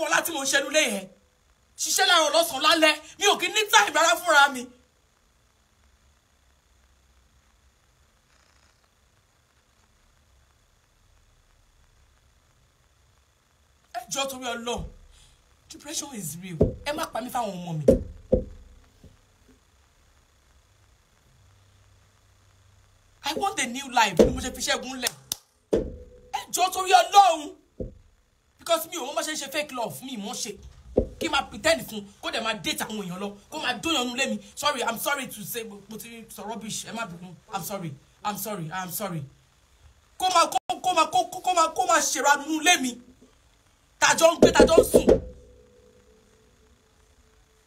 kú ọlá tí mo ń ṣẹnu lé yẹn ṣiṣẹ́ láàárọ̀ lọ́sàn-án lálẹ́ mi ò kí ní táì rárá fúnra mi. ẹ torí Ọlọ́run depression is real ẹ má pa mí fáwọn ọmọ mi. I want a new life ni mo ṣe fi ṣẹ́gun lẹ̀ ẹ torí Ọlọ́run because mi ò mọ̀ bá ṣe ń ṣe fake love mi mọ̀ ṣe kí n máa pretend fún kó dẹ̀ máa date àwọn èèyàn lọ kó máa dóyàn nu lémi sorry i'm sorry to say mo ti sọ rubbish ẹ má bínú i'm sorry i'm sorry i'm sorry kó máa kó máa kó máa kó máa ṣèrà nu lémi tàjọ ń gbé tàjọ ń sùn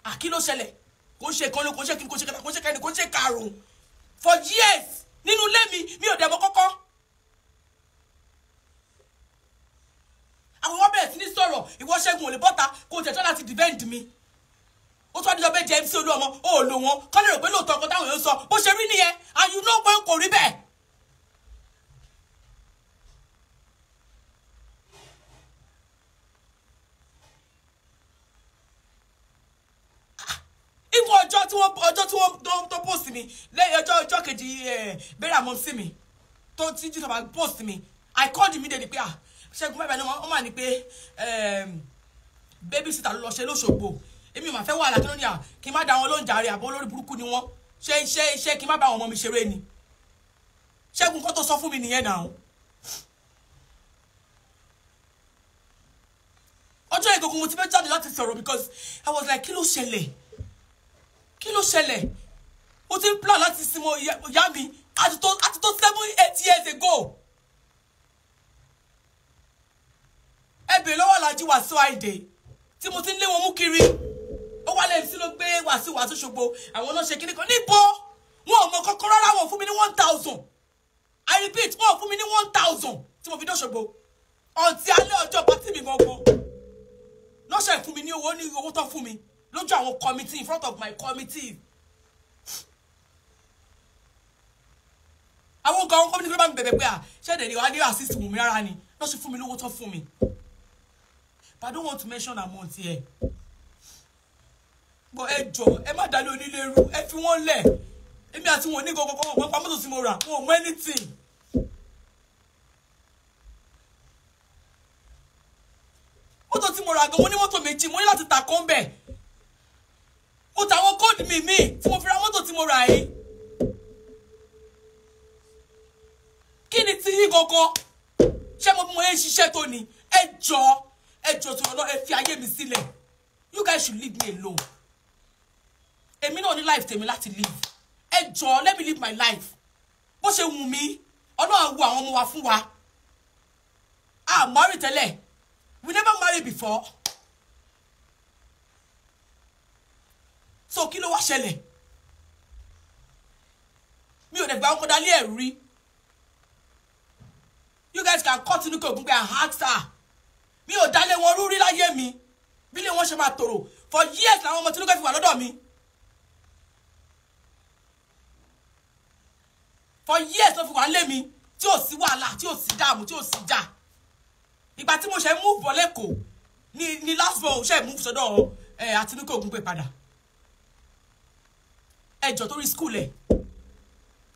àkí ló ṣẹlẹ̀ kò ń ṣe kan ló kò ń ṣe kí n kò ń ṣe kẹta kò ń ṣe kẹrin kò ń ṣe karùn-ún for years nínú lémi mi ò dẹ̀ mọ́ kọ́kọ́. bẹ̀rẹ̀ sí ní sọ̀rọ̀ ìwọ ṣẹ́gun ò bọ́ta kò tẹ̀tọ́ láti defend mi ó tún adijọ́ bẹ́ẹ̀ jẹ́ mc olúọmọ ó lò wọ́n kọ́lé rò pé lóòótọ́ ọkọ táwọn èèyàn sọ bó ṣe rí nìyẹn and you know pé kò rí bẹ́ẹ̀. ìwọ ọjọ́ tí wọ́n ọjọ́ tí wọ́n tó post mi lẹ́yìn ọjọ́ ọjọ́ kejì eh, bẹ́ẹ̀rẹ̀ àmọ́ sí mi tó tí jùlọ bá post mi I called immediately pé ah ṣẹ́gun bẹ́ẹ̀ bẹ́ẹ̀ wọ́n mà ní pé ehm, bébí síta ló lọ ṣe lóṣogbo èmi ò mà fẹ́ wàhálà kí ló ní à kí n má da wọn lóúnjẹ àárẹ̀ àbọ̀ olórí burúkú ni wọ́n ṣé ṣé ṣé kí n má bá àwọn ọmọ mi ṣeré ni ṣẹ́gun kó tó sọ fún mi nìyẹn náà ọjọ́ ìgbógun mo ti fẹ́ jáde láti sọ̀rọ̀ because I was like kí ló ṣẹlẹ̀ kí ló ṣẹlẹ̀ mo ti ń plan láti sinmi ìyá mi àti tó seven eight years ago. ti Wàsíù Àìdè tí mo ti ń lé wọn mú kiri ó wá lẹ́yìn sí ló gbé Wàsíù wá sí àwọn náà ṣe kan níbo wọn ò mọ kọ́kọ́ rárá wọn fún mi ní one thousand I repeat wọn ò fún mi ní one thousand tí mo fi dọ́ṣogbo ọ̀tí alẹ́ ọjọ́ pátí mi gangan lọ́ṣẹ̀ fún mi ní owó ní owó tó fún mi lójú àwọn committee in front of my committee àwọn kan kọ́ mi ní kí ló bá mi bẹ̀bẹ̀ pé à ṣẹ́ẹ̀dẹ̀ ni wàá ní assist wù mí rárá ni lọ́ṣẹ̀ fún mi lówó tó fún mi but i don't want to mention amount here but ẹ jọ ẹ má dalẹ onílé ru ẹ fi wọn lẹ èmi àti wọn ní kankan kan wọn pa mọ́tò tí mo rà wọn ò mọ anything. mọ́tò tí mo rà gan mo ní mọ́tò méjì mo ní láti tà kán bẹ̀ mo tà àwọn kóòdù mi míì tí mo fi ra mọ́tò tí mo rà yìí. kí ni ti yín gangan ṣé mo bí mo yẹn ń tó ni ẹ jọ ẹ jọ̀ọ́ tó lọ ẹ fi ayé mi sílẹ̀ you guys should leave me alone èmi náà ní life tèmi láti live ẹ jọ̀ọ́ let me live my life bó ṣe wù mí ọlọ́run wo àwọn ọmọ wa fún wa a marry tẹ́lẹ̀ we never marry before so kí ló wá ṣẹlẹ̀ mi ò dẹ̀ gba ọkọ̀ dálé ẹ̀ rí you guys can continue to ogun pé i ask her mi ò dalẹ̀ wọn rú rí láyé mi bí lè wọ́n ṣe máa tòrò for years làwọn ọmọ Tinubu fi wà lọ́dọ̀ mi for years ló fi wà lé mi tí ò sí wàhálà tí ò sí dààmú tí ò sí jà ìgbà tí mo ṣe mú bọ̀ lẹ́kọ̀ọ́ ni ni last ball ṣe mú sọ́dọ̀ Àtinúkè Ògúnpè padà ẹjọ́ torí skul ẹ̀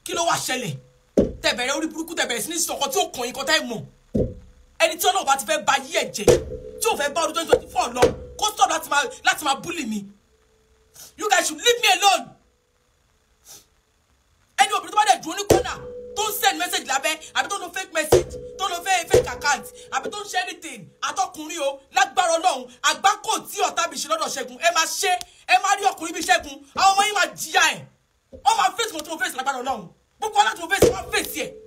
kí ló wá ṣẹlẹ̀ tẹ̀bẹ̀rẹ̀ orí burúkú tẹ̀bẹ̀rẹ̀ sí ní sọ̀kọ tí ó kàn yín kọ́tà ẹ̀ mọ̀ ẹni tí ọlọ́run bá ti fẹ́ ba yí ẹ̀jẹ̀ tí ò fẹ́ bá ọdún twenty lọ kó stop láti máa láti máa búlì mi you guys should leave me alone ẹni obìnrin tó bá dẹ̀ dúró ní kọ́nà tó ń send message lábẹ́ àbí tó ń lo fake message tó ń lo fake account àbí tó ń ṣe anything àtọkùnrin o lágbára ọlọ́run àgbákò tí ọ̀tá mi ṣe lọ́dọ̀ ṣẹ́gun ẹ máa ṣe ẹ máa rí ọkùnrin bí ṣẹ́gun àwọn ọmọ yín máa jìyà ẹ̀ wọ́n máa fèsì mo tí lágbára ọlọ́run gbogbo ọlá tí mo fèsì wọ́n fèsì ẹ̀